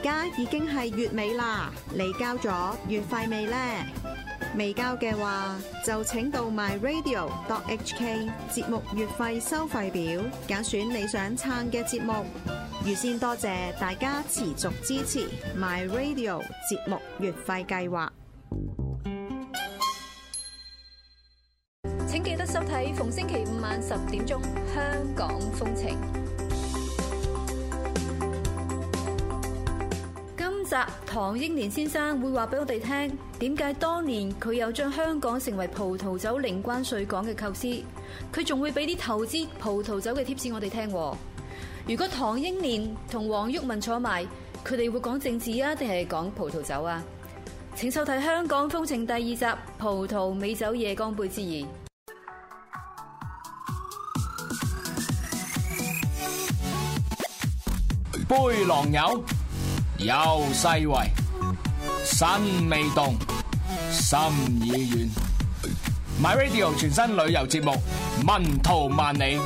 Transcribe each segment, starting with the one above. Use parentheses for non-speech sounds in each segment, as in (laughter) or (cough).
而家已經係月尾啦，你交咗月費未呢？未交嘅話，就請到 myradio.hk 節目月費收費表，揀選你想撐嘅節目。預先多謝大家持續支持 myradio 節目月費計劃。請記得收睇逢星期五晚十點鐘《香港風情》。唐英年先生會話俾我哋聽，點解當年佢又將香港成為葡萄酒零關稅港嘅構思？佢仲會俾啲投資葡萄酒嘅貼士我哋聽。如果唐英年同黃毓民坐埋，佢哋會講政治啊，定係講葡萄酒啊？請收睇《香港風情》第二集《葡萄美酒夜光杯》之二，杯狼友。由世為，身未動，心已遠。My Radio 全新旅遊節目《文圖萬里》，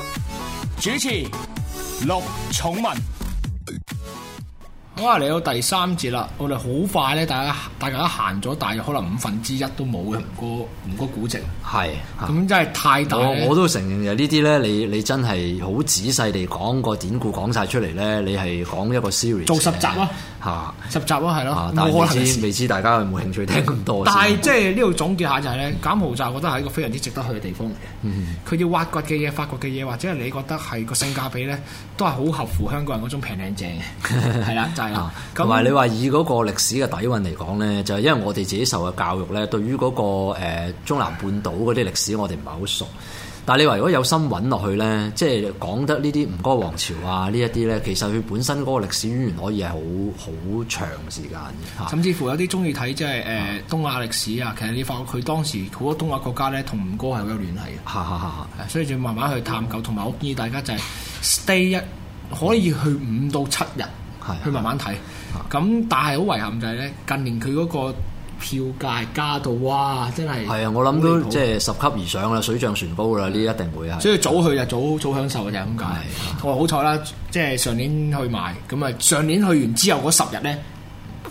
主持陸寵文。我話嚟到第三節啦，我哋好快咧，大家大家行咗大約可能五分之一都冇嘅，唔多唔多古蹟。係咁真係太大我。我都承認，就呢啲咧，你你真係好仔細地講個典故，講晒出嚟咧，你係講一個 series 做十集。啊！嚇，十集啊，係咯，但係未知未知大家有冇興趣聽咁多但？但係、啊、即係呢度總結下就係、是、咧，柬埔寨我覺得係一個非常之值得去嘅地方嚟嘅。佢、嗯、要挖掘嘅嘢、發掘嘅嘢，或者係你覺得係個性價比咧，都係好合乎香港人嗰種平靚正嘅。係啦， (laughs) 就係、是、啦。同埋、啊、那你話以嗰個歷史嘅底蘊嚟講咧，就係、是、因為我哋自己受嘅教育咧，對於嗰、那個、呃、中南半島嗰啲歷史我，我哋唔係好熟。但係你話如果有心揾落去咧，即係講得呢啲吳哥王朝啊呢一啲咧，其實佢本身嗰個歷史淵源可以係好好長時間嘅，甚至乎有啲中意睇即係誒、嗯、東亞歷史啊。其實你發覺佢當時好多東亞國家咧，同吳哥係好有聯繫嘅。嗯嗯、所以仲要慢慢去探究，同埋我建議大家就係 stay 一可以去五到七日，嗯、去慢慢睇。咁、嗯、但係好遺憾就係咧，近年佢嗰、嗰個。票價加到哇！真係係啊！我諗都即係十級而上啦，水漲船高啦，呢一定會啊！所以早去就早、嗯、早，早享受嘅就咁解。同埋好彩啦，即係上年去買，咁啊上年去完之後嗰十日咧，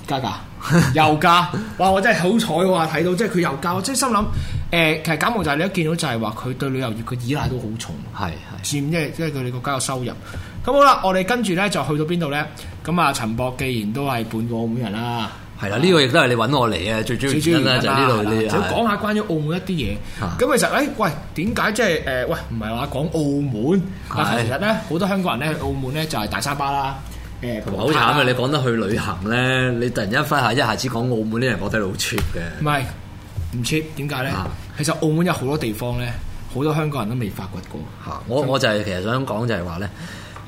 加價又加 (laughs) 哇！我真係好彩嘅睇到即係佢又加，即係心諗誒、呃，其實柬埔寨就係你一見到就係話佢對旅遊業嘅依賴都好重，係係、嗯、佔即係即係佢哋國家嘅收入。咁好啦，我哋跟住咧就去到邊度咧？咁啊，陳博既然都係半個澳門人啦。係啦，呢個亦都係你揾我嚟啊！最主要原因就係呢度，你講下關於澳門一啲嘢。咁其實，誒喂，點解即係誒？喂，唔係話講澳門，但係其實咧，好多香港人咧去澳門咧就係大沙巴啦。誒，好慘啊！你講得去旅行咧，你突然間下一下子講澳門啲人覺得好 cheap 嘅。唔係，唔 cheap，點解咧？其實澳門有好多地方咧，好多香港人都未發掘過。嚇！我我就係其實想講就係話咧。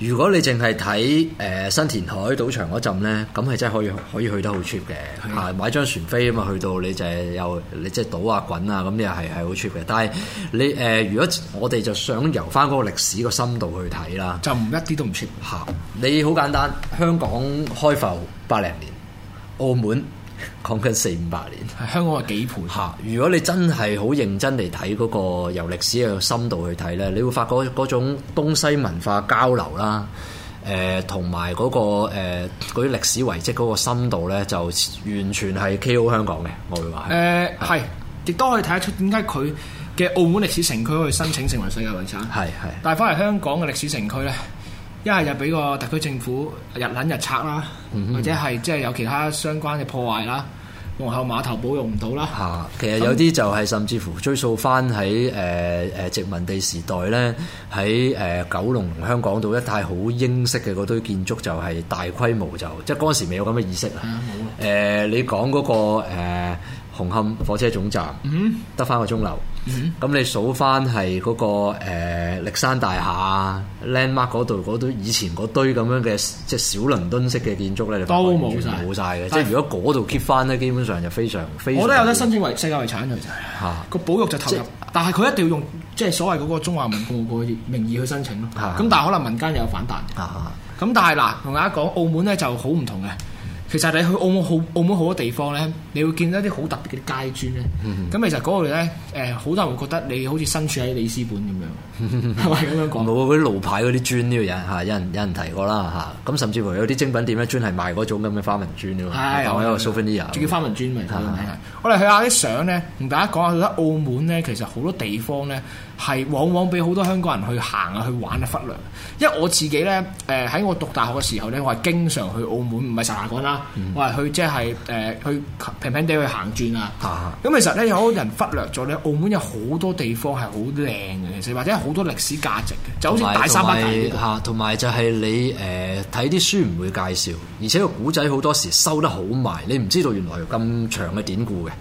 如果你淨係睇誒新田海賭場嗰陣呢，咁係真係可以可以去得好 cheap 嘅，嚇是的、啊、買張船飛啊嘛，去到你就係又你即係賭啊滾啊，咁又係係好 cheap 嘅。但係你誒、呃，如果我哋就想遊返嗰個歷史個深度去睇啦，就唔一啲都唔 cheap。嚇、啊，你好簡單，香港開埠百零年，澳門。講緊四五百年，係香港嘅幾倍吓？如果你真係好認真地睇嗰個由歷史嘅深度去睇呢，你會發覺嗰種東西文化交流啦，誒、呃，同埋嗰個誒啲歷史遺跡嗰個深度呢，就完全係 KO 香港嘅，我會話。誒、呃，係，亦都可以睇得出點解佢嘅澳門歷史城區可以申請成為世界遺產，係係。但係翻嚟香港嘅歷史城區呢。一係就俾個特區政府日撚日拆啦，嗯、哼或者係即係有其他相關嘅破壞啦，皇后碼頭保用唔到啦。嚇，其實有啲就係甚至乎追溯翻喺誒誒殖民地時代咧，喺誒九龍香港度一帶好英式嘅嗰堆建築就係大規模就即係嗰時未有咁嘅意識啊。誒、嗯哼呃，你講嗰、嗰個誒、呃、紅磡火車總站，得翻、嗯、哼個鐘樓。咁、嗯、你數翻係嗰個誒、呃、歷山大廈 landmark 嗰度嗰堆以前嗰堆咁樣嘅即係小倫敦式嘅建築咧，就都冇晒。冇晒嘅。即係如果嗰度 keep 翻咧，基本上就非常非常我都有得申請為世界遺產，其實嚇，個保育就投入，即但係佢一定要用即係所謂嗰個中華民共國個名義去申請咯。咁、啊、但係可能民間又有反彈。咁、啊、但係嗱，同大家講澳門咧就好唔同嘅。其實你去澳門好，澳門好多地方咧，你會見到一啲好特別嘅街磚咧。咁、嗯、哼其實嗰度咧，誒好多人會覺得你好似身處喺里斯本咁樣，係咪咁樣講？嗰啲路牌、嗰啲磚呢個嘢嚇，有人有人提過啦嚇。咁、啊、甚至乎有啲精品店咧，專係賣嗰種咁嘅花紋磚嘅喎。係，我有個蘇菲啲人。叫花紋磚咪？我哋去下啲相咧，同大家講下，覺得澳門咧其實好多地方咧，係往往俾好多香港人去行啊、去玩啊忽略，因為我自己咧，誒、呃、喺我讀大學嘅時候咧，我係經常去澳門，唔係成日講啦，嗯、我係去即係誒去平平地去行轉啊。咁、啊、其實咧有好多人忽略咗咧，澳門有好多地方係好靚嘅，其實或者好多歷史價值嘅，就好似大三巴大炮台嘅。同埋就係你誒睇啲書唔會介紹，而且個古仔好多時收得好埋，你唔知道原來咁長嘅典故嘅。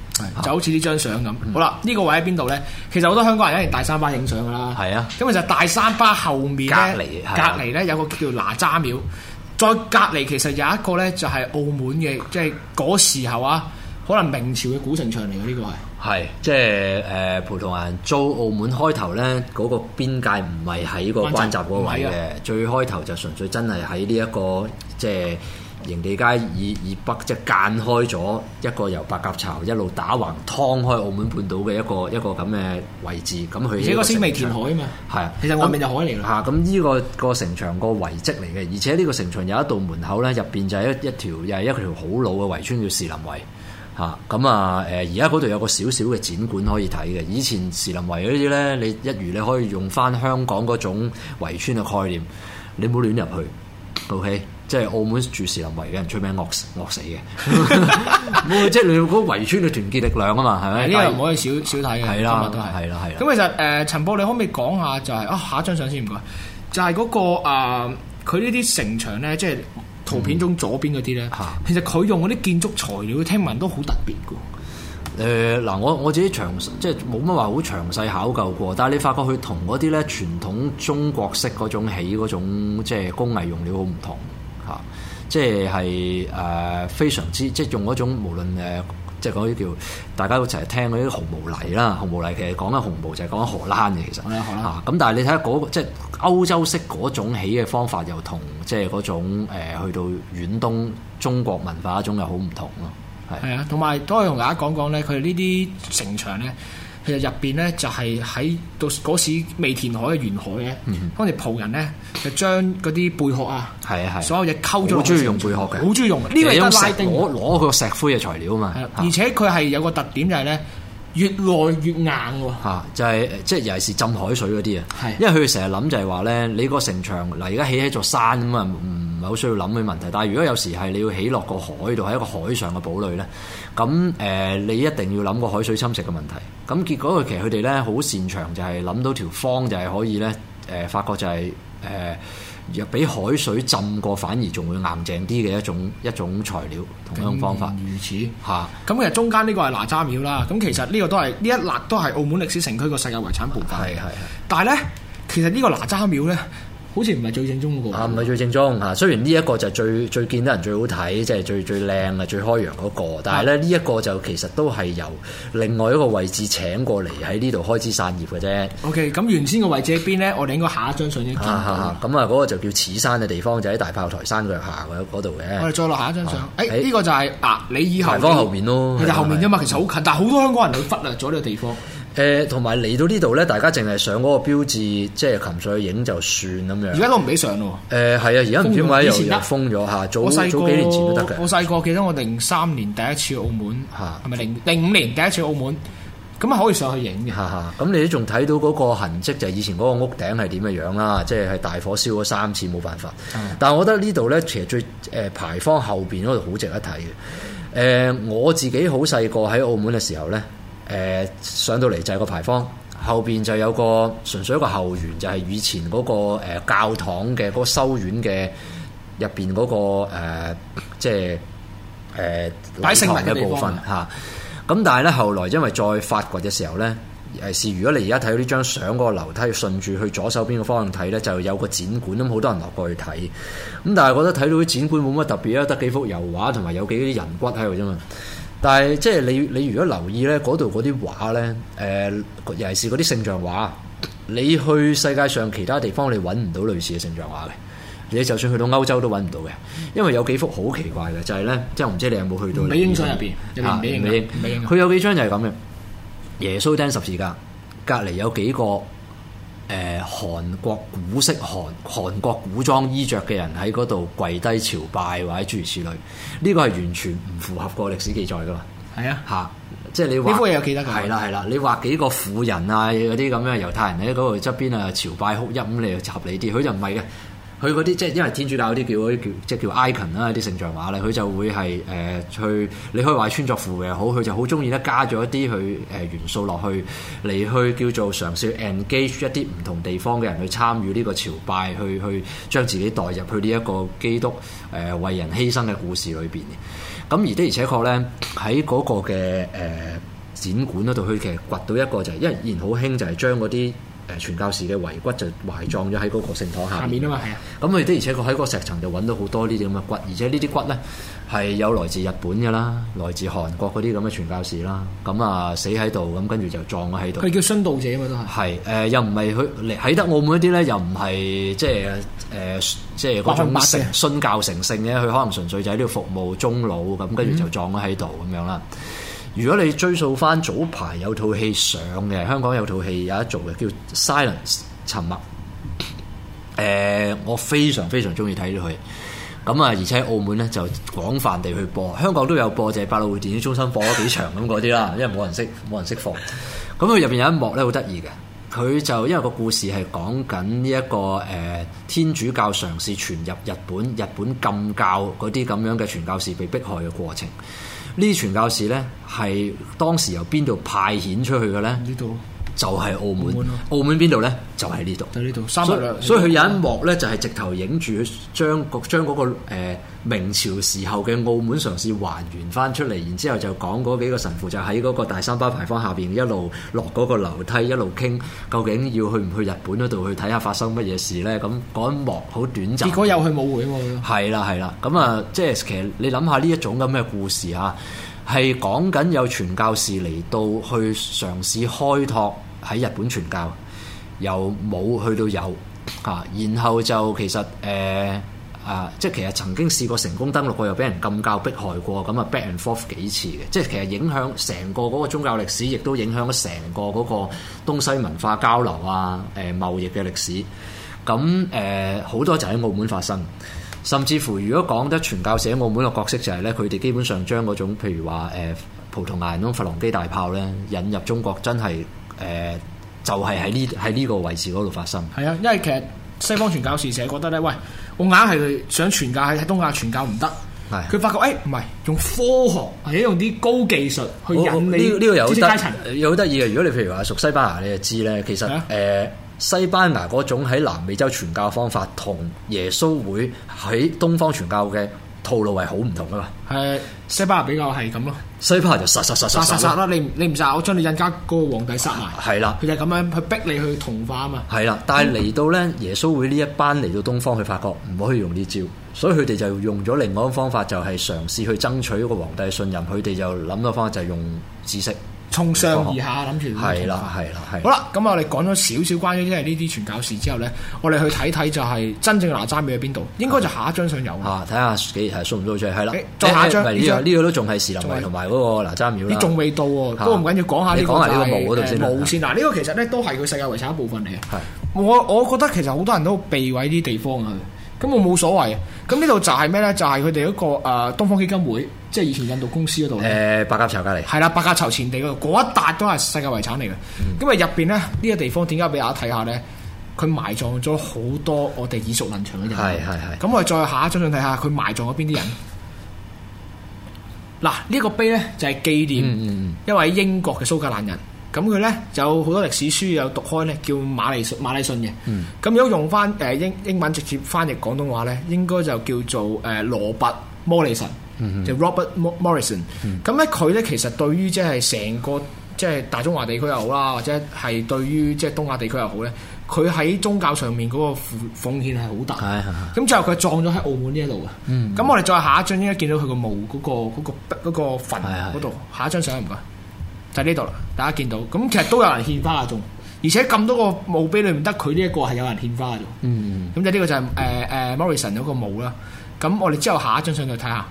就、嗯、好似呢張相咁，好啦，呢個位喺邊度呢？其實好多香港人喺大三巴影相噶啦。係啊，咁其實大三巴後面隔離隔離呢、啊、有個叫哪吒廟。再隔離其實有一個呢，就係、是、澳門嘅，即係嗰時候啊，可能明朝嘅古城牆嚟嘅呢個係。係，即係誒葡萄牙租澳門開頭呢，嗰、那個邊界唔係喺個關閘嗰位嘅，啊、最開頭就純粹真係喺呢一個即係。營地街以以北，即係間開咗一個由白鴿巢一路打橫劏開澳門半島嘅一個一個咁嘅位置。咁佢呢個星未填海啊嘛，係啊，其實外面就海嚟啦。吓、啊，咁呢個個城牆個遺跡嚟嘅，而且呢個城牆有一道門口咧，入邊就係一一條又係一條好老嘅圍村叫士林圍。吓，咁啊，誒、啊，而家嗰度有個少少嘅展館可以睇嘅。以前士林圍嗰啲咧，你一如你可以用翻香港嗰種圍村嘅概念，你唔好亂入去。O K。即係澳門住士林圍嘅人出名惡惡死嘅， (laughs) (laughs) 即係你嗰圍村嘅團結力量啊嘛，係咪？呢樣唔可以少少睇嘅。係啦，的都係，係啦，係啦。咁其實誒、呃，陳博，你可唔可以講下就係、是、啊？下一張相先唔該，就係、是、嗰、那個啊，佢呢啲城牆咧，即係圖片中左邊嗰啲咧，嗯、其實佢用嗰啲建築材料，聽聞都好特別㗎。誒嗱、呃，我我自己詳即係冇乜話好詳細考究過，但係你發覺佢同嗰啲咧傳統中國式嗰種起嗰種即係工藝用料好唔同。即係誒、呃、非常之，即係用嗰種無論即係嗰啲叫大家都一齊聽嗰啲紅毛泥啦，紅毛泥其實講緊紅毛就係講緊荷蘭嘅，其實，嚇咁荷蘭、啊、但係你睇下嗰個即係歐洲式嗰種起嘅方法又，又同即係嗰種、呃、去到遠東中國文化一種又好唔同咯，係。係啊，同埋都可以同大家講講咧，佢呢啲城牆咧。其實入邊咧就係喺到嗰時未填海嘅沿海咧，嗯、哼當時葡人咧就將嗰啲貝殼啊，是是是所有嘢溝咗，好中意用貝殼嘅，好中意用呢個拉丁攞攞個石灰嘅材料啊嘛，的的而且佢係有個特點就係咧。的越來越硬喎、哦啊！就係即係尤其是浸海水嗰啲啊，是的 因為佢成日諗就係話咧，你個城牆，嗱而家起喺座山咁啊，唔唔係好需要諗嘅問題。但係如果有時係你要起落個海度，喺一個海上嘅堡壘咧，咁誒、呃、你一定要諗個海水侵蝕嘅問題。咁結果佢其實佢哋咧好擅長就係諗到條方就係可以咧誒，發、呃、覺就係、是、誒。呃又俾海水浸過，反而仲會硬淨啲嘅一種一種材料，同樣方法。咁如此嚇，咁是其實中間呢個係哪吒廟啦，咁其實呢個都係呢一笪都係澳門歷史城區個世界遺產部分。係係係，但係咧，其實呢個哪吒廟咧。好似唔係最正宗嗰個啊！唔係最正宗嚇，雖然呢一個就係最最見得人最好睇，即係最最靚嘅、最開揚嗰個，但係咧呢一是的 個就其實都係由另外一個位置請過嚟喺呢度開枝散葉嘅啫。OK，咁原先嘅位置喺邊咧？我哋應該下一張相先。嚇咁啊，嗰個就叫此山嘅地方，就喺大炮台山腳下嗰度嘅。我哋再落下一張相。誒，呢個就係白、啊啊、你以後。方後面咯，面的其實後面啫嘛，其實好近，但係好多香港人會忽略咗呢個地方。 (laughs) 誒，同埋嚟到呢度咧，大家淨係上嗰個標誌，即係擒上去影就算咁樣。而家都唔俾上咯。誒、呃，係啊，而家唔知點解又，又封咗吓。早早幾年前都得嘅。我細個記得我零三年第一次去澳門吓，係咪的零零五年第一次去澳門？咁啊，可以上去影嘅。哈哈。咁你都仲睇到嗰個痕跡，就係以前嗰個屋頂係點嘅樣啦。即係係大火燒咗三次，冇辦法。的但係我覺得呢度咧，其實最誒牌坊後邊嗰度好值得睇嘅。誒、呃，我自己好細個喺澳門嘅時候咧。誒上到嚟就係個牌坊，後邊就有個純粹一個後園，就係、是、以前嗰個教堂嘅嗰、那個修院嘅入邊嗰個、呃、即係誒立體嘅部分嚇。咁但係咧，後來因為再發掘嘅時候咧，係是如果你而家睇到呢張相嗰個樓梯，順住去左手邊嘅方向睇咧，就有個展館咁，好多人落過去睇。咁但係覺得睇到啲展館冇乜特別啊，得幾幅油畫同埋有，有幾啲人骨喺度啫嘛。但係，即係你你如果留意咧，嗰度嗰啲畫咧，誒、呃，尤其是嗰啲聖像畫，你去世界上其他地方你揾唔到類似嘅聖像畫嘅，你就算去到歐洲都揾唔到嘅，因為有幾幅好奇怪嘅，就係、是、咧，即係我唔知你有冇去到你，美英山入邊，嚇、啊，美英美英，佢、啊、有幾張就係咁嘅，耶穌釘十字架，隔籬有幾個。誒，韓國古式韓韓國古裝衣着嘅人喺嗰度跪低朝拜或者諸如此類，呢個係完全唔符合個歷史記載噶嘛？係啊，吓、啊，即係你話呢幅有記得㗎？係啦係啦，你畫幾個婦人啊，有啲咁嘅猶太人喺嗰度側邊啊朝拜哭泣咁，你又合理啲，佢就唔係嘅。佢嗰啲即係因為天主教嗰啲叫啲叫即係叫，叫，叫 icon 啦、啊、啲聖像畫咧，佢就會係誒去，你可以話穿著服飾又好，佢就好中意咧加咗一啲佢誒元素落去嚟去叫做嘗試 engage 一啲唔同地方嘅人去參與呢個朝拜，去去將自己代入去呢一個基督誒、呃、為人犧牲嘅故事裏邊嘅。咁而的而且確咧喺嗰個嘅誒、呃、展館嗰度，佢其實掘到一個就係因為以前好興就係將嗰啲。誒傳教士嘅遺骨就埋葬咗喺嗰個聖堂下面啊嘛，係啊，咁佢的而且確喺嗰石層就揾到好多呢啲咁嘅骨，而且呢啲骨咧係有來自日本嘅啦，來自韓國嗰啲咁嘅傳教士啦，咁啊，死喺度，咁跟住就葬咗喺度。佢叫殉道者啊嘛都係。係誒、呃，又唔係佢嚟喺得澳門啲咧，又唔係即係誒，即係嗰、呃、種殉教成性嘅，佢可能純粹就喺呢度服務終老，咁跟住就葬咗喺度咁樣啦。嗯如果你追溯翻早排有套戲上嘅，香港有套戲有得做嘅，叫《Silence 沉默》呃。誒，我非常非常中意睇到佢。咁啊，而且澳門呢就廣泛地去播，香港都有播，就係百老匯電影中心播咗幾場咁嗰啲啦。因為冇人識，冇人識放。咁佢入邊有一幕咧，好得意嘅。佢就因為個故事係講緊呢一個誒、呃、天主教嘗試傳入日本，日本禁教嗰啲咁樣嘅傳教士被迫害嘅過程。呢啲傳教士咧係當時由邊度派遣出去嘅咧？呢度。就係澳門，澳門邊、啊、度呢？就喺呢度。就呢度。所以所以佢有一幕呢，就係直頭影住將個將嗰個誒明朝時候嘅澳門嘗試還原翻出嚟，然之後就講嗰幾個神父就喺嗰個大三巴牌坊下邊一路落嗰個樓梯，一路傾究竟要去唔去日本嗰度去睇下發生乜嘢事呢。咁嗰一幕好短暫。結果又去冇回喎。係啦係啦，咁啊，即係其實你諗下呢一種咁嘅故事啊。係講緊有傳教士嚟，到去嘗試開拓喺日本傳教，又冇去到有，吓、啊，然後就其實誒、呃、啊，即係其實曾經試過成功登陸過，又俾人禁教迫害過，咁啊 back and forth 幾次嘅，即係其實影響成個嗰個宗教歷史，亦都影響咗成個嗰個東西文化交流啊，誒、呃、貿易嘅歷史，咁誒好多就喺澳門發生。甚至乎，如果講得傳教士澳門個角色，就係咧，佢哋基本上將嗰種，譬如話誒葡萄牙人種佛朗機大炮咧，引入中國真，真係誒，就係喺呢喺呢個位置嗰度發生。係啊，因為其實西方傳教士成日覺得咧，喂，我硬係想傳教喺東亞傳教唔得，係佢、啊、發覺誒，唔、哎、係用科學，或者用啲高技術去入呢知識階層，這個這個、有好得，得意嘅。如果你譬如話熟西班牙你就知咧，其實誒。西班牙嗰種喺南美洲傳教方法，同耶穌會喺東方傳教嘅套路係好唔同㗎嘛。係西班牙比較係咁咯。西班牙就殺殺殺殺殺殺啦！你你唔殺我，將你印加嗰個皇帝殺埋。係啦。佢就咁樣去逼你去同化啊嘛。係啦，但係嚟到咧，耶穌會呢一班嚟到東方去發覺，唔可以用呢招，所以佢哋就用咗另外一種方法，就係嘗試去爭取個皇帝信任。佢哋就諗到方法，就係用知識。從上而下諗住。係啦，係啦，係。好啦，咁、嗯、我哋講咗少少關於即係呢啲傳教士之後咧，我哋去睇睇就係真正嘅哪吒廟喺邊度？應該就下一張相、欸、有啊。睇下幾係送唔到出嚟？係啦，再下一張呢個都仲係寺林同埋嗰個哪吒廟。你仲未到喎？都唔緊要，講下呢個大誒路先。嗱，呢個其實咧都係佢世界遺產一部分嚟啊。的我我覺得其實好多人都避諱啲地方啊。咁我冇所謂，咁呢度就係咩呢？就係佢哋一個誒東方基金會，即係以前印度公司嗰度。誒、呃，白鴿巢隔籬係啦，白鴿巢前地嗰度，嗰一笪都係世界遺產嚟嘅。咁啊、嗯，入邊呢，呢、這個地方點解俾大家睇下呢？佢埋葬咗好多我哋耳熟能詳嘅人。係係係。咁我哋再下一張相睇下佢埋葬咗邊啲人。嗱、嗯，呢、嗯、個碑呢，就係、是、紀念一位英國嘅蘇格蘭人。咁佢咧有好多歷史書有讀開咧，叫馬禮馬禮遜嘅。咁、嗯、如果用翻誒英英文直接翻譯廣東話咧，應該就叫做誒羅拔摩利臣，呃、Robert Morrison, 嗯嗯就 Robert Morrison。咁咧佢咧其實對於即係成個即係、就是、大中華地區又好啦，或者係對於即係東亞地區又好咧，佢喺宗教上面嗰個奉奉獻係好大。咁、嗯嗯、最後佢葬咗喺澳門呢一度啊。咁、嗯、我哋再下一張應該見到佢、嗰個墓嗰、嗰個嗰、嗰個嗰個墳嗰度。嗯、下一張相唔該。就喺呢度啦，大家見到咁，其實都有人獻花啊！仲而且咁多個墓碑裏唔得佢呢一個係有人獻花嘅，嗯，咁就呢個就係、是、誒誒、呃呃、Morrison 嗰個墓啦。咁我哋之後下一張相去睇下。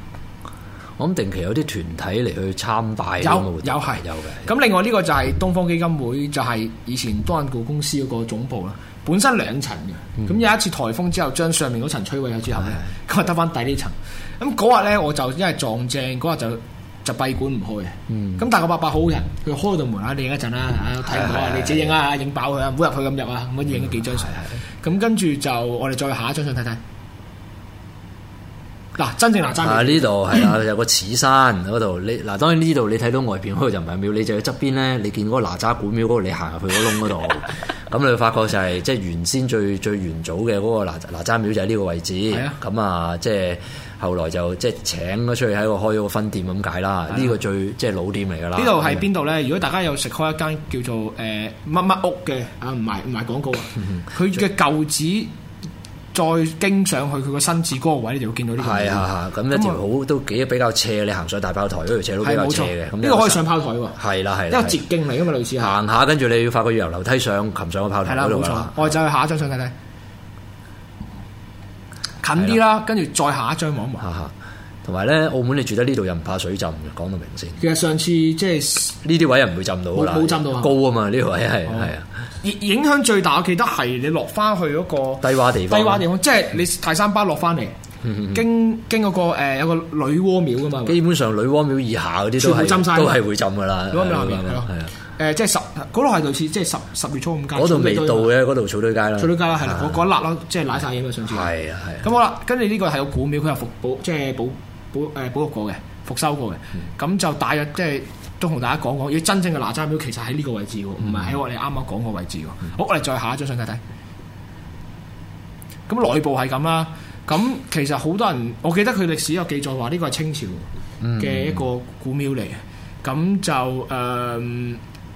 我諗定期有啲團體嚟去參拜，有有係有嘅。咁另外呢個就係東方基金會，就係、是、以前多銀股公司嗰個總部啦。本身兩層嘅，咁有一次颱風之後將上面嗰層摧毀咗之後咧，今日得翻底呢層。咁、那、嗰、個、日咧我就因為撞正嗰、那個、日就。就閉館唔開嘅，咁、嗯、但係個伯伯好好人，佢開到門啊，你影一陣啦。啊睇唔到啊，你自己影的啊，影爆佢啊，唔好入去咁入啊，咁影咗幾張相，咁跟住就我哋再下一張相睇睇。嗱、啊，真正哪吒啊！呢度係啦，有個柿山嗰度。你嗱， (coughs) 當然呢度你睇到外邊嗰度就唔係廟，你就喺側邊咧，你見嗰個哪吒古廟嗰度，你行入去嗰窿嗰度，咁 (laughs) 你發覺就係、是、即係原先最最原早嘅嗰個哪吒哪吒廟就喺呢個位置。咁啊，啊，即係後來就即係請咗出去喺度開咗個分店咁解啦。呢、啊、個最即係老店嚟㗎啦。呢度係邊度咧？如果大家有食開一間叫做誒乜乜屋嘅啊，唔係唔係廣告啊，佢嘅舊址。再經上去佢個新置嗰位，你就會見到呢啲。係係係，咁一條好都幾比較斜，你行上去大炮台嗰條斜都比較斜嘅。呢個可以上炮台喎。係啦係啦，因為捷徑嚟㗎嘛，類似行下，跟住你要發覺要由樓梯上，擒上個炮台啦嘛。係啦，冇錯。我走去下一張相睇睇，近啲啦，跟住再下一張望一望。同埋咧，澳門你住得呢度又唔怕水浸嘅，講到明先。其實上次即係呢啲位又唔會浸到，冇浸到，高啊嘛，呢個位係係啊。影影響最大，我記得係你落翻去嗰個低窪地方，低窪地方即係你大三巴落翻嚟，經經嗰個誒有個女媧廟噶嘛。基本上女媧廟以下嗰啲都係都係會浸噶啦。係啊，誒即係十嗰度係類似即係十十月初五街，嗰度未到嘅嗰度草堆街咯。草堆街啦，係啦，嗰一笪咯，即係瀨晒嘢嘅上次。係啊係。咁好啦，跟住呢個係有古廟，佢有又保即係保保誒保育過嘅。復修過嘅，咁、嗯、就大約即係、就是、都同大家講講，要真正嘅哪吒廟其實喺呢個位置喎，唔係喺我哋啱啱講個位置喎。嗯、好，我哋再下一張相睇睇。咁內部係咁啦，咁其實好多人，我記得佢歷史有記載話呢個係清朝嘅一個古廟嚟，咁、嗯嗯、就誒。呃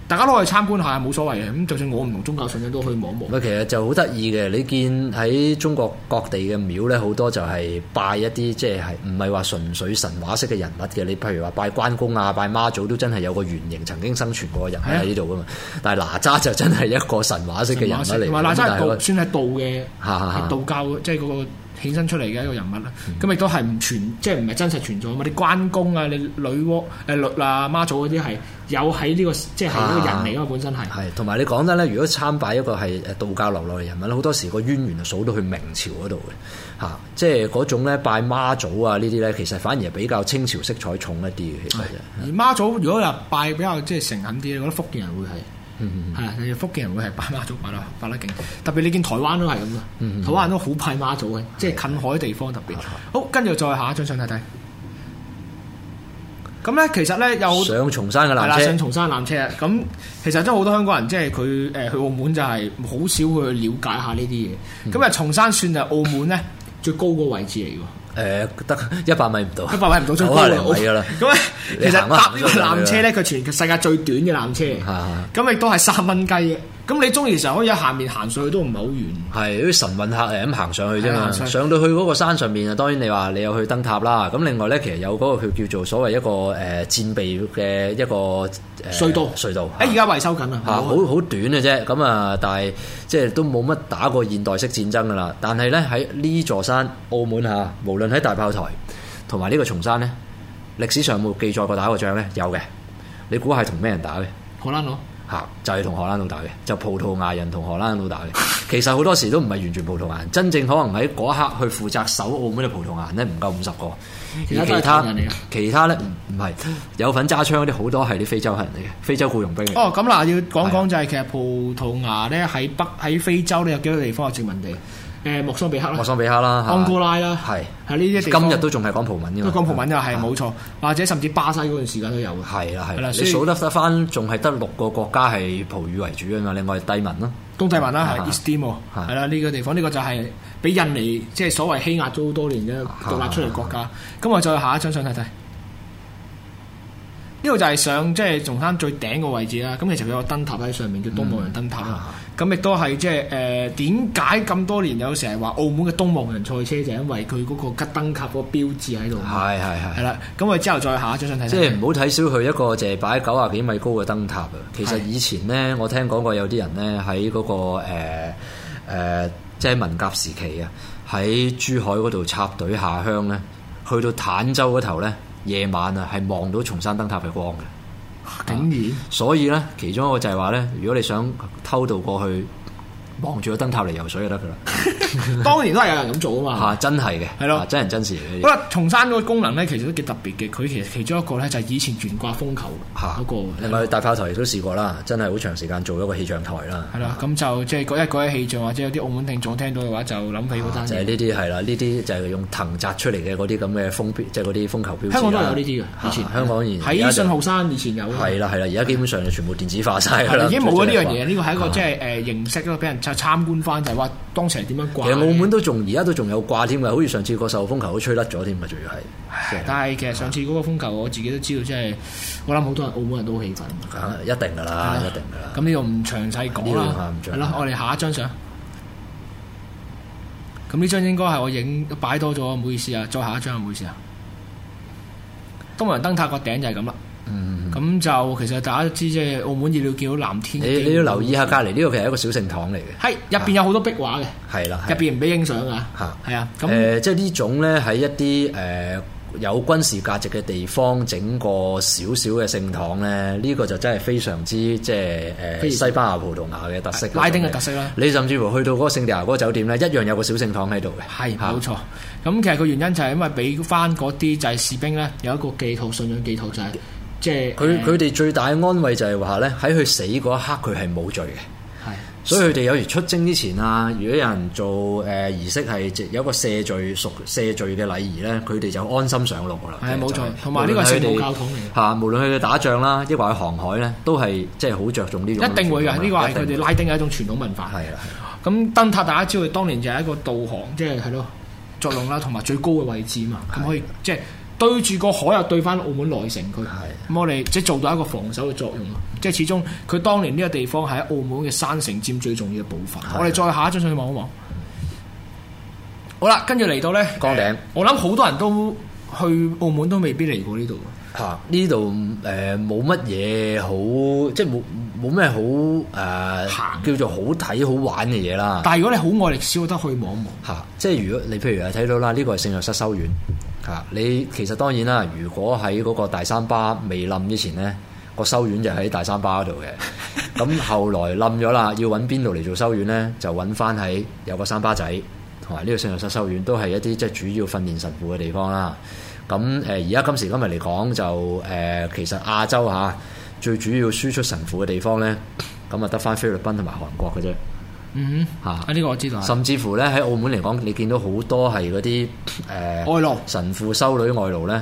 大家攞去參觀下冇所謂嘅，咁就算我唔同宗教信仰都去望一望。其實就好得意嘅，你見喺中國各地嘅廟咧，好多就係拜一啲即係係唔係話純粹神話式嘅人物嘅。你譬如話拜關公啊、拜媽祖，都真係有個原型曾經生存過嘅人喺呢度噶嘛。是啊、但係哪吒就真係一個神話式嘅人物嚟，同埋哪吒道，是道算係道嘅道教即係嗰個。衍生出嚟嘅一個人物啦，咁亦、嗯、都係唔傳，即係唔係真實存在啊嘛？你關公啊，你女巫誒啊媽祖嗰啲係有喺呢、這個，即係係呢個人嚟咯，啊、本身係。係同埋你講得咧，如果參拜一個係誒道教流落嘅人物咧，好多時個淵源就數到去明朝嗰度嘅嚇，即係嗰種咧拜媽祖啊呢啲咧，其實反而係比較清朝色彩重一啲嘅，其實是。是而媽祖如果又拜比較即係誠懇啲我覺得福建人會係。嗯嗯，係啊，你哋、福建人會係拜媽祖拜啦，拜得勁。特別你見台灣都係咁啊，的台灣都好拜媽祖嘅，即係的近海地方特別。的好，跟住，再下一張相睇睇。咁咧，其實咧有上松山嘅纜車，上松山嘅纜車啊。咁其實真好多香港人，即係佢誒去澳門就係好少會去了解下呢啲嘢。咁啊、嗯，松山算係澳門咧 (coughs) 最高個位置嚟㗎。誒，得一百米唔到，一百米唔到最高好啦。咁咧 (laughs) 那其實搭呢個纜車咧，佢 (laughs) 全球世界最短嘅纜車，咁亦都係三蚊雞嘅。咁你中意嘅時候可以喺下面行上去，都唔係好遠，係啲晨運客嚟咁行上去啫嘛。上，上到去嗰個山上面啊，當然你話你有去燈塔啦。咁另外咧，其實有嗰個佢叫做所謂一個誒、呃、戰備嘅一個隧道、呃、隧道。誒而家維修緊啊，嚇好好短嘅啫。咁啊，但係即係都冇乜打過現代式戰爭噶啦。但係咧喺呢座山，澳門嚇，啊、無論喺大炮台同埋呢個松山咧，歷史上冇記載過打過，打過仗咧，有嘅。你估係同咩人打嘅？荷蘭佬。嚇，就係同荷蘭佬打嘅，就葡萄牙人同荷蘭人打嘅。其實好多時都唔係完全葡萄牙人，真正可能喺嗰一刻去負責守澳門嘅葡萄牙人咧，唔夠五十個。其他其他咧唔唔係，有份揸槍嗰啲好多係啲非洲人嚟嘅，非洲雇傭兵嚟。嗯、哦，咁嗱，要講講就係其實葡萄牙咧喺北喺非洲咧有幾多地方有殖民地。誒莫桑比克啦，莫桑比克啦，安哥拉啦，係係呢啲。今日都仲係講葡文㗎嘛？講葡文又係冇錯，或者甚至巴西嗰段時間都有㗎。係啦係啦，你數得得翻，仲係得六個國家係葡語為主㗎嘛？另外帝文啦，東帝文啦，係 East Timor，係啦呢個地方，呢個就係俾印尼即係所謂欺壓咗好多年嘅獨立出嚟國家。咁我再下一張相睇睇。呢個就係上，即係中山最頂個位置啦，咁其實有個燈塔喺上面叫東望洋燈塔，咁亦都係即係誒點解咁多年有成日話澳門嘅東望洋賽車就係、是、因為佢嗰個吉燈塔嗰個標誌喺度。係係係。係啦，咁我哋之後再下一張相睇。即係唔好睇小佢一個，就係擺九啊幾米高嘅燈塔啊。其實以前咧，我聽講過有啲人咧喺嗰個誒即係文革時期啊，喺珠海嗰度插隊下鄉咧，去到坦洲嗰頭咧。夜晚啊，係望到松山燈塔嘅光嘅，當然、啊。所以咧，其中一個就係話咧，如果你想偷渡過去，望住個燈塔嚟游水就得噶啦。 (laughs) 當然都係有人咁做啊嘛，吓真係嘅，係咯，真人真事嚟嘅。不過，松山嗰個功能咧，其實都幾特別嘅。佢其實其中一個咧，就係以前懸掛風球嗰個。另外大炮台亦都試過啦，真係好長時間做一個氣象台啦。係啦，咁就即係嗰一嗰啲氣象，或者有啲澳門聽眾聽到嘅話，就諗起嗰單嘢。就呢啲係啦，呢啲就係用藤紮出嚟嘅嗰啲咁嘅風，即係啲風球標誌。香港都有呢啲嘅，以前香港然。喺信號山以前有。係啦係啦，而家基本上全部電子化晒，已經冇咗呢樣嘢，呢個係一個即係誒，認識一個俾人參觀翻，就係話當時係點樣掛其實澳門都仲而家都仲有掛添嘅，好似上次個受風球都吹甩咗添嘅，仲要係。唉就是、但係其實上次嗰個風球，我自己都知道，即係我諗好多人澳門人都好氣憤。一定噶啦，的一定噶啦。咁呢度唔詳細講啦。係咯，我哋下一張相。咁呢張應該係我影擺多咗，唔好意思啊，再下一張，唔好意思啊。東望洋燈塔個頂就係咁啦。嗯，咁就其實大家知，即係澳門熱料見到藍天。你你要留意下隔離呢度，其實係一個小聖堂嚟嘅。係入邊有好多壁畫嘅，係啦，入邊唔俾影相㗎。嚇，係啊。誒，即係呢種咧，喺一啲誒有軍事價值嘅地方，整個少少嘅聖堂咧，呢個就真係非常之即係誒西班牙葡萄牙嘅特色，拉丁嘅特色啦。你甚至乎去到嗰聖地牙嗰個酒店咧，一樣有個小聖堂喺度嘅。係冇錯，咁其實個原因就係因為俾翻嗰啲就係士兵咧有一個寄託、信仰寄託，就係。即係佢佢哋最大嘅安慰就係話咧，喺佢死嗰一刻佢係冇罪嘅，係的，所以佢哋有時出征之前啊，如果有人做誒儀式係有一個赦罪、贖赦罪嘅禮儀咧，佢哋就安心上路㗎啦。係冇的、就是、錯，同埋呢個係宗教統嚟。嚇，無論佢哋打仗啦，抑或係航海咧，都係即係好着重呢種。一定會㗎，呢、這個係佢哋拉丁嘅一種傳統文化。係啦，咁燈塔大家知佢當年就係一個導航，即係係咯作用啦，同埋最高嘅位置啊嘛，咁可以即係。對住個海又對翻澳門內城區，咁我哋即係做到一個防守嘅作用咯。即係始終佢當年呢個地方係喺澳門嘅山城佔最重要嘅部分。我哋再下一張相去望一望。好啦，跟住嚟到咧崗頂，我諗好多人都去澳門都未必嚟過呢度。吓，呢度誒冇乜嘢好，即係冇冇咩好誒，行叫做好睇好玩嘅嘢啦。但係如果你好愛歷史，得去望一望。吓，即係如果你譬如睇到啦，呢個係聖若瑟修院。嚇！你其實當然啦，如果喺嗰個大三巴未冧之前呢、呢個修院就喺大三巴度嘅。咁 (laughs) 後來冧咗啦，要揾邊度嚟做修院呢？就揾翻喺有個三巴仔同埋呢個聖若瑟修院，都係一啲即係主要訓練神父嘅地方啦。咁誒而家今時今日嚟講就誒、呃，其實亞洲嚇、啊、最主要輸出神父嘅地方呢，咁啊得翻菲律賓同埋韓國嘅啫。嗯哼，啊呢個我知道。甚至乎咧喺澳門嚟講，你見到好多係嗰啲誒外勞神父、修女、外勞咧，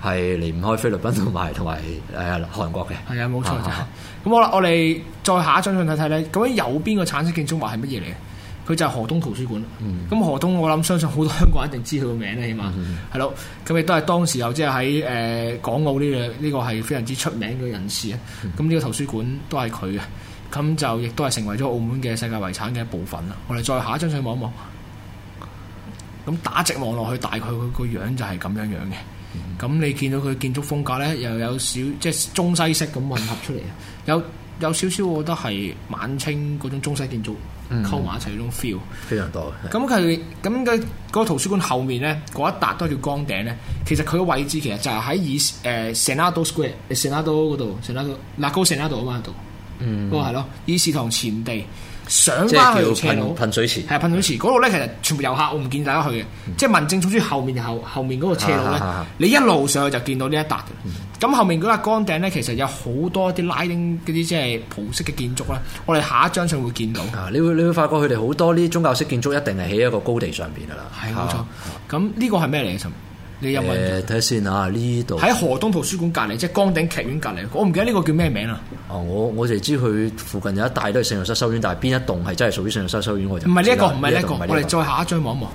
係離唔開菲律賓同埋同埋誒韓國嘅。係啊，冇錯就係。咁好啦，我哋再下一張相睇睇咧。咁右邊個橙色建築物係乜嘢嚟嘅？佢就係河東圖書館。咁河東我諗相信好多香港人一定知佢個名咧，起碼係咯。咁亦都係當時候即係喺誒港澳呢個呢個係非常之出名嘅人士啊。咁呢個圖書館都係佢嘅。咁就亦都係成為咗澳門嘅世界遺產嘅一部分啦。我哋再下一張相望一望，咁打直望落去，大概佢個樣就係咁樣樣嘅。咁你見到佢建築風格咧，又有少即係中西式咁混合出嚟，有有少少，我覺得係晚清嗰種中西建築溝埋、嗯、一齊嗰種 feel，非常多。咁佢咁嘅嗰個圖書館後面咧，嗰一笪都叫崗頂咧。其實佢個位置其實就係喺以誒 Senado Square Senado, Senado, Senado,、Senado 嗰度、SenadoLargo doSenado 啊嘛度。嗯，哇，係 (noise) 咯！議事亭前地上翻去斜路，係噴水池。嗰度咧，嗯、其實全部遊客我唔見大家去嘅，嗯、即係民政總署後面後後面嗰個斜路咧，啊啊、你一路上去就見到呢一笪咁、嗯嗯、後面嗰個崗頂咧，其實有好多啲拉丁嗰啲即係葡式嘅建築啦。我哋下一張相會見到。啊、你會你會發覺佢哋好多呢宗教式建築一定係喺一個高地上邊噶啦。係冇錯。咁呢個係咩嚟啊？誒，睇下、哎、先吓，呢度喺河東圖書館隔籬，即係崗頂劇院隔籬。我唔記得呢個叫咩名啦。哦，我我就知佢附近有一帶都係聖若瑟修院，但係邊一棟係真係屬於聖若瑟修院，我就唔係呢一個，唔係呢一個。我哋再下一張望一望。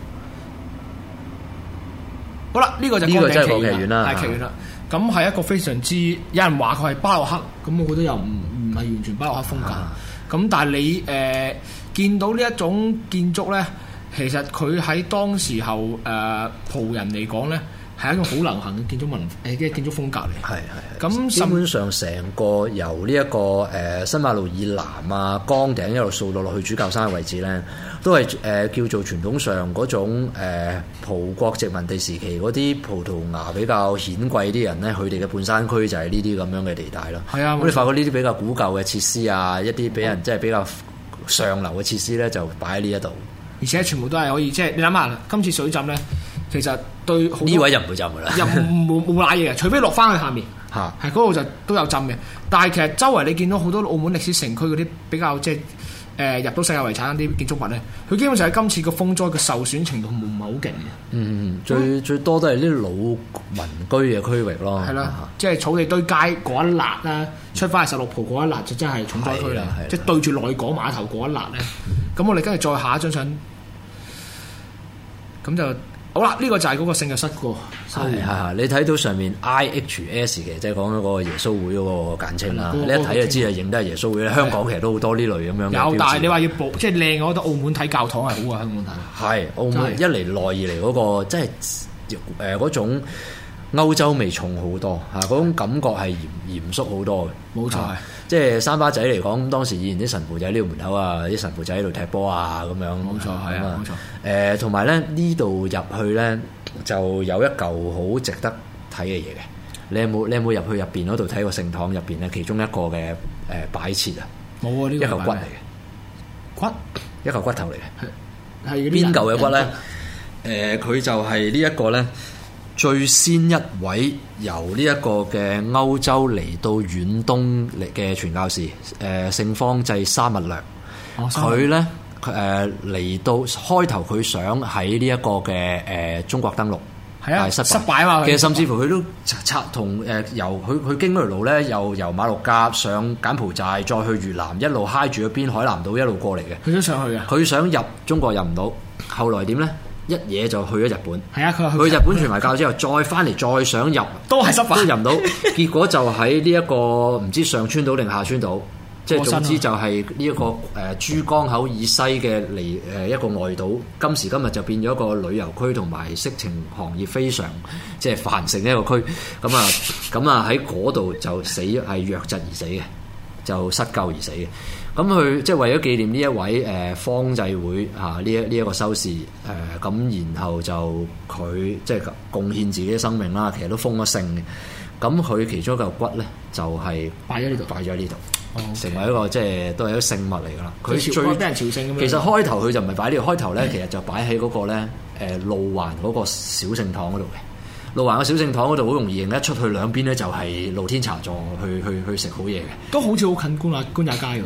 好啦，呢個就呢個真係劇院啦，係劇院啦。咁係一個非常之，有人話佢係巴洛克，咁我覺得又唔唔係完全巴洛克風格。咁但係你誒、呃、見到呢一種建築咧，其實佢喺當時候誒葡人嚟講咧。係一種好流行嘅建築文，誒嘅建築風格嚟。係係那。咁基本上成個由呢、這、一個誒、呃、新馬路以南啊，崗頂一路掃落落去主教山嘅位置咧，都係誒、呃、叫做傳統上嗰種葡、呃、國殖民地時期嗰啲葡萄牙比較顯貴啲人咧，佢哋嘅半山區就係呢啲咁樣嘅地帶咯。係啊的，你發覺呢啲比較古舊嘅設施啊，嗯、一啲俾人即係比較上流嘅設施咧，就擺喺呢一度。而且全部都係可以，即、就、係、是、你諗下，今次水浸咧。其實對好呢位就唔會浸噶啦，又冇冇瀨嘢嘅，除非落翻去下面，吓係嗰度就都有浸嘅。但係其實周圍你見到好多澳門歷史城區嗰啲比較即係誒入到世界遺產啲建築物咧，佢基本上喺今次個風災嘅受損程度唔係好勁嘅。嗯，最最多都係啲老民居嘅區域咯。係啦好，即係、就是、草地堆街嗰一辣啦，出翻去十六浦嗰一辣就真係重災區啦。即係對住內港碼頭嗰一辣咧，咁我哋跟住再下一張相，咁就。好啦，呢、這個就係嗰個聖若瑟過，失聯。你睇到上面 IHS 嘅，即係講嗰個耶穌會嗰個簡稱啦。的你一睇就知啊，認得耶穌會的香港其實都好多呢類咁樣。有，但係你話要保，即係靚，我覺得澳門睇教堂係好過香港睇。係澳門一嚟內、那個，二嚟嗰個即係誒嗰種。歐洲味重好多嚇，嗰種感覺係嚴是的 嚴肅好多嘅。冇錯，啊、即係三巴仔嚟講，當時以前啲神父仔喺呢個門口啊，啲神父仔喺度踢波啊咁樣。冇錯，係啊樣，冇錯。誒、嗯，同埋咧，呢度入去咧就有一嚿好值得睇嘅嘢嘅。你有冇？你有冇入去入邊嗰度睇個聖堂入邊咧其中一個嘅誒擺設啊？冇、這、啊、個，呢個擺一嚿骨嚟嘅骨，一嚿骨頭嚟嘅。係嗰啲邊嚿嘅骨咧？誒、嗯，佢、呃、就係呢一、嗯、個咧。最先一位由呢一個嘅歐洲嚟到遠東嚟嘅傳教士，誒、uh, 聖方濟沙勿略，佢咧誒嚟到，開頭佢想喺呢一個嘅誒、呃、中國登陸，係啊，失失敗嘛，其實、啊、甚至乎佢都拆同誒、呃、由佢佢經嗰條路呢，又由馬六甲上柬埔寨，再去越南一路嗨住咗邊海南島一路過嚟嘅，佢想上去啊，佢想入中國入唔到，後來點呢？一嘢就去咗日本，去日本傳埋教之後，再翻嚟再想入，都係失敗，是都入唔到。 (laughs) 結果就喺呢一個唔知上川島定下川島，即係總之就係呢一個誒珠江口以西嘅離誒一個外島。今時今日就變咗一個旅遊區同埋色情行業非常即係繁盛嘅一個區。咁 (laughs) 啊咁啊喺嗰度就死係弱疾而死嘅。就失救而死嘅，咁佢即係為咗紀念呢一位誒、呃、方濟會嚇呢、啊、一呢一、這個修士誒，咁、呃、然後就佢即係貢獻自己嘅生命啦，其實都封咗聖嘅。咁佢其中一嚿骨咧就係擺咗呢度，擺喺呢度，哦 okay。成為一個即係都係一個聖物嚟㗎啦。佢最開俾人朝聖咁，其實開頭佢就唔係擺呢度，開頭咧、嗯、其實就擺喺嗰個咧誒、呃、路環嗰個小聖堂嗰度嘅。路環個小聖堂嗰度好容易，一出去兩邊咧就係露天茶座去，去去去食好嘢嘅。都好似好近官也官也街喎。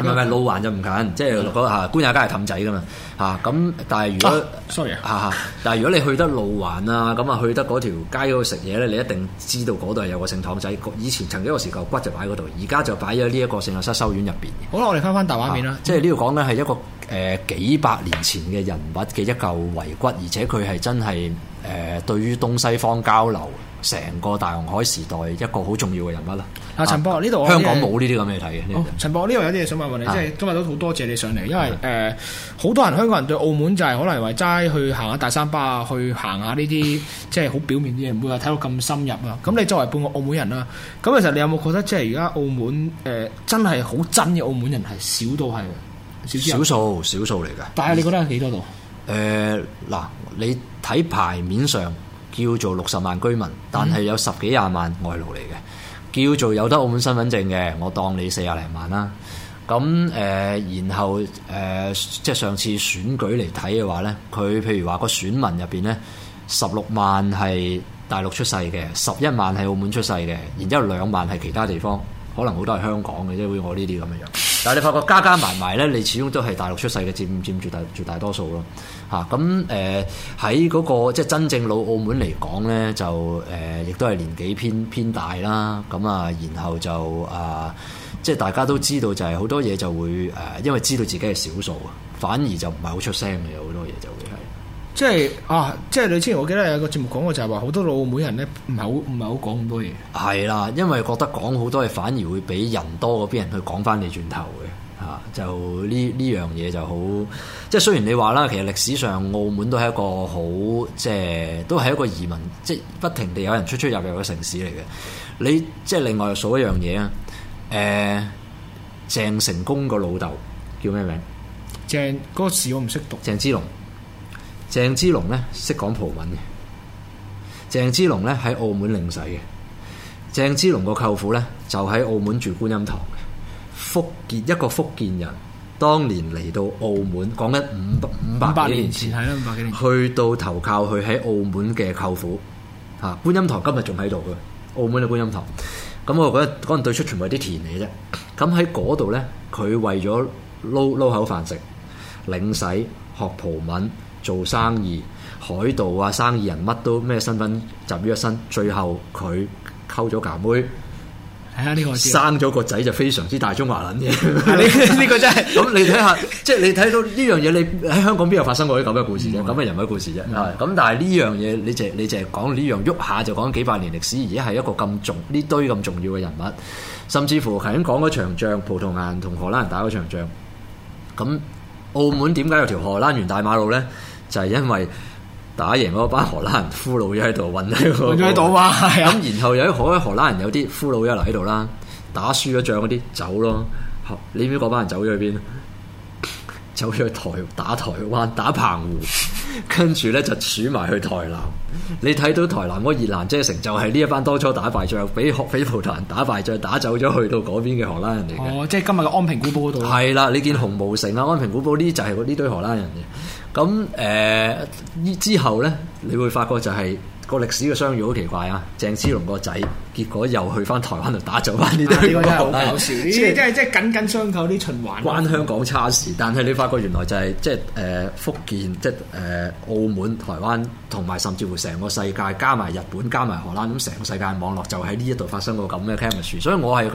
唔係唔係，路環就唔近，即係嗰嚇官也街係氹仔噶嘛嚇。咁、啊、但係如果、啊、sorry、啊、但係如果你去得路環啊，咁啊去得嗰條街嗰度食嘢咧，你一定知道嗰度係有個聖堂仔。以前曾經有時嚿骨就擺喺嗰度，而家就擺咗呢一個聖若瑟修院入邊。好啦，我哋翻翻大畫面啦，即係呢度講緊係一個誒、呃、幾百年前嘅人物嘅一嚿遺骨，而且佢係真係。誒，對於東西方交流，成個大航海時代一個好重要嘅人物啦。阿陳、啊、博呢度，啊、裡香港冇呢啲咁嘅嘢睇。陳、哦、博呢度有啲嘢想問問你，的即係今日都好多謝你上嚟，因為誒，好的、呃、多人香港人對澳門就係可能為齋去行下大三巴啊，去行下呢啲即係好表面啲嘢，唔會話睇到咁深入啊。咁你作為半個澳門人啦，咁其實你有冇覺得即係而家澳門誒、呃，真係好真嘅澳門人係少到係，少數少數嚟㗎。但係你覺得係幾多度？誒嗱、呃，你睇牌面上叫做六十萬居民，但係有十幾廿萬外勞嚟嘅，叫做有得澳門身份證嘅，我當你四廿零萬啦。咁誒、呃，然後誒、呃，即係上次選舉嚟睇嘅話呢，佢譬如話個選民入邊呢，十六萬係大陸出世嘅，十一萬係澳門出世嘅，然之後兩萬係其他地方，可能好多係香港嘅，即係好似我呢啲咁嘅樣。但係你發覺加加埋埋呢，你始終都係大陸出世嘅佔佔住大絕大多數咯。嚇，咁誒喺嗰個即係真正老澳門嚟講咧，就誒、呃、亦都係年紀偏偏大啦。咁啊，然後就啊、呃，即係大家都知道，就係好多嘢就會誒、呃，因為知道自己係少數，反而就唔係好出聲嘅。好多嘢就會係即係啊，即係你之前我記得有個節目講過，就係話好多老澳門人咧，唔係好唔係好講咁多嘢。係啦，因為覺得講好多嘢反而會畀人多嗰邊人去講翻你轉頭嘅。啊！就呢呢樣嘢就好，即係雖然你話啦，其實歷史上澳門都係一個好，即係都係一個移民，即係不停地有人出出入入嘅城市嚟嘅。你即係另外數一樣嘢啊！誒、呃，鄭成功個老豆叫咩名？鄭嗰個我唔識讀。鄭芝龍，鄭芝龍呢識講葡文嘅。鄭芝龍呢喺澳門領洗嘅。鄭芝龍個舅父呢，就喺澳門住觀音堂。福建一個福建人，當年嚟到澳門，講緊五百五百年前，係啦，五百年，五百年去到投靠佢喺澳門嘅舅父，吓、啊、觀音堂今日仲喺度嘅，澳門嘅觀音堂。咁我覺得嗰陣對出全部係啲田嚟嘅啫。咁喺嗰度呢，佢為咗撈撈口飯食，領洗學葡文，做生意，嗯、海盜啊，生意人乜都咩身份集於一身。最後佢溝咗夾妹。生咗個仔就非常之大中華捻嘅，呢、 (laughs) 這個真係。咁你睇下，即係你睇到呢樣嘢，你喺香港邊度發生過啲咁嘅故事啫，咁嘅人物故事啫，係咁 (laughs) 但係呢樣嘢，你淨你淨係講呢樣喐下就講幾百年歷史，而家係一個咁重呢堆咁重要嘅人物，甚至乎頭先講嗰場仗，葡萄牙同荷蘭人打嗰場仗，咁澳門點解有條荷蘭園大馬路咧？就係因為。打贏嗰班荷蘭人俘虜咗喺度，搵喺度喺度啊，咁然後有啲荷荷蘭人有啲俘虜咗留喺度啦，打輸咗仗嗰啲走咯。你知唔知嗰班人走咗去邊？走咗去台打台灣打澎湖，跟住咧就數埋 (laughs) 去台南。你睇到台南嗰熱蘭遮城就係呢一班當初打敗仗，俾俾葡萄牙人打敗仗打走咗去到嗰邊嘅荷蘭人嚟嘅。哦，即係今日嘅安平古堡度。係啦， (laughs) 你見紅毛城啊，安平古堡呢就係呢堆荷蘭人嘅。咁誒、嗯，之後咧，你會發覺就係、是。個歷史嘅相遇好奇怪啊！鄭芝龍個仔，結果又去翻台灣度打造翻呢啲，呢係、啊、好搞笑，呢啲是真係真係緊緊相扣啲循環。關香港差事，但係你發覺原來就係即係誒福建，即係誒澳門、台灣，同埋甚至乎成個世界加埋日本、加埋荷蘭，咁成個世界網絡就喺呢一度發生過咁嘅 chemistry。所以我係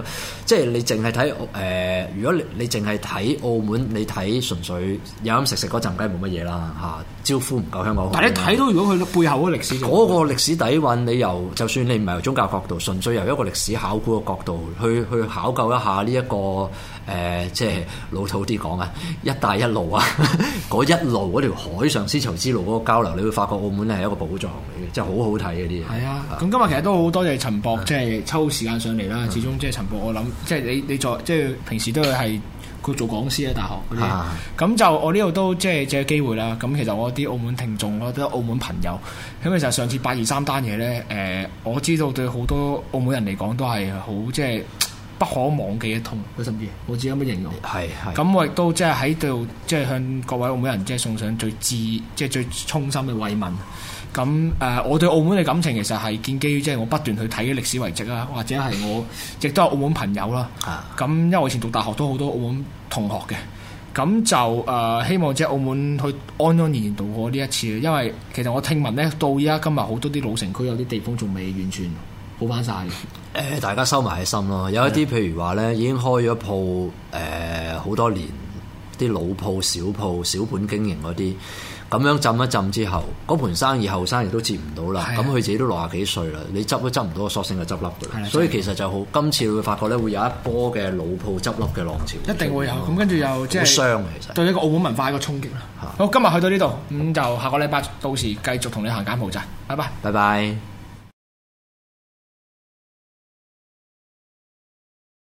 即係你淨係睇誒，如果你你淨係睇澳門，你睇純粹飲飲食食嗰陣，梗係冇乜嘢啦嚇，招呼唔夠香港好。但係你睇到如果佢背後嘅歷史，嗰、那個歷史底蘊，你由就算你唔係由宗教角度，純粹由一個歷史考古嘅角度去去考究一下呢、這、一個誒、呃，即係老土啲講啊，一帶一路啊，嗰 (laughs) 一路嗰條海上絲綢之路嗰個交流，你會發覺澳門咧係一個寶藏嚟嘅，即係好好睇嘅啲嘢。係啊，咁今日其實都好多謝陳博，即係、嗯、抽時間上嚟啦。始終即係陳博，我諗即係你你再，即、就、係、是、平時都會係。佢做講師啊，大學嗰啲，咁就我呢度都即係借機會啦。咁其實我啲澳門聽眾咯，啲澳門朋友，咁其實上次八二三單嘢咧，誒、呃、我知道對好多澳門人嚟講都係好即係不可忘記嘅痛，佢甚至我知咁樣形容。係係。咁我亦都即係喺度即係向各位澳門人即係送上最致即係最衷心嘅慰問。咁誒、呃，我對澳門嘅感情其實係建基於，即、就、係、是、我不斷去睇嘅歷史遺蹟啊，或者係我亦都係澳門朋友啦。咁因為我以前讀大學都好多澳門同學嘅，咁就誒、呃、希望即係澳門去安安然然度過呢一次，因為其實我聽聞咧，到依家今日好多啲老城區有啲地方仲未完全補翻晒。誒、呃，大家收埋喺心咯，有一啲的譬如話咧，已經開咗鋪誒好多年，啲老鋪、小鋪、小本經營嗰啲。咁樣浸一浸之後，嗰盤生意後生亦都接唔到啦。咁佢的自己都六廿幾歲啦，你執都執唔到，索性就執笠嘅啦。的所以其實就好，的今次會發覺咧會有一波嘅老鋪執笠嘅浪潮。一定會有。咁跟住又即係好傷，其實對呢個澳門文化一個衝擊啦。的好，今日去到呢度，咁的就下個禮拜到時繼續同你行柬埔寨。拜拜，拜拜。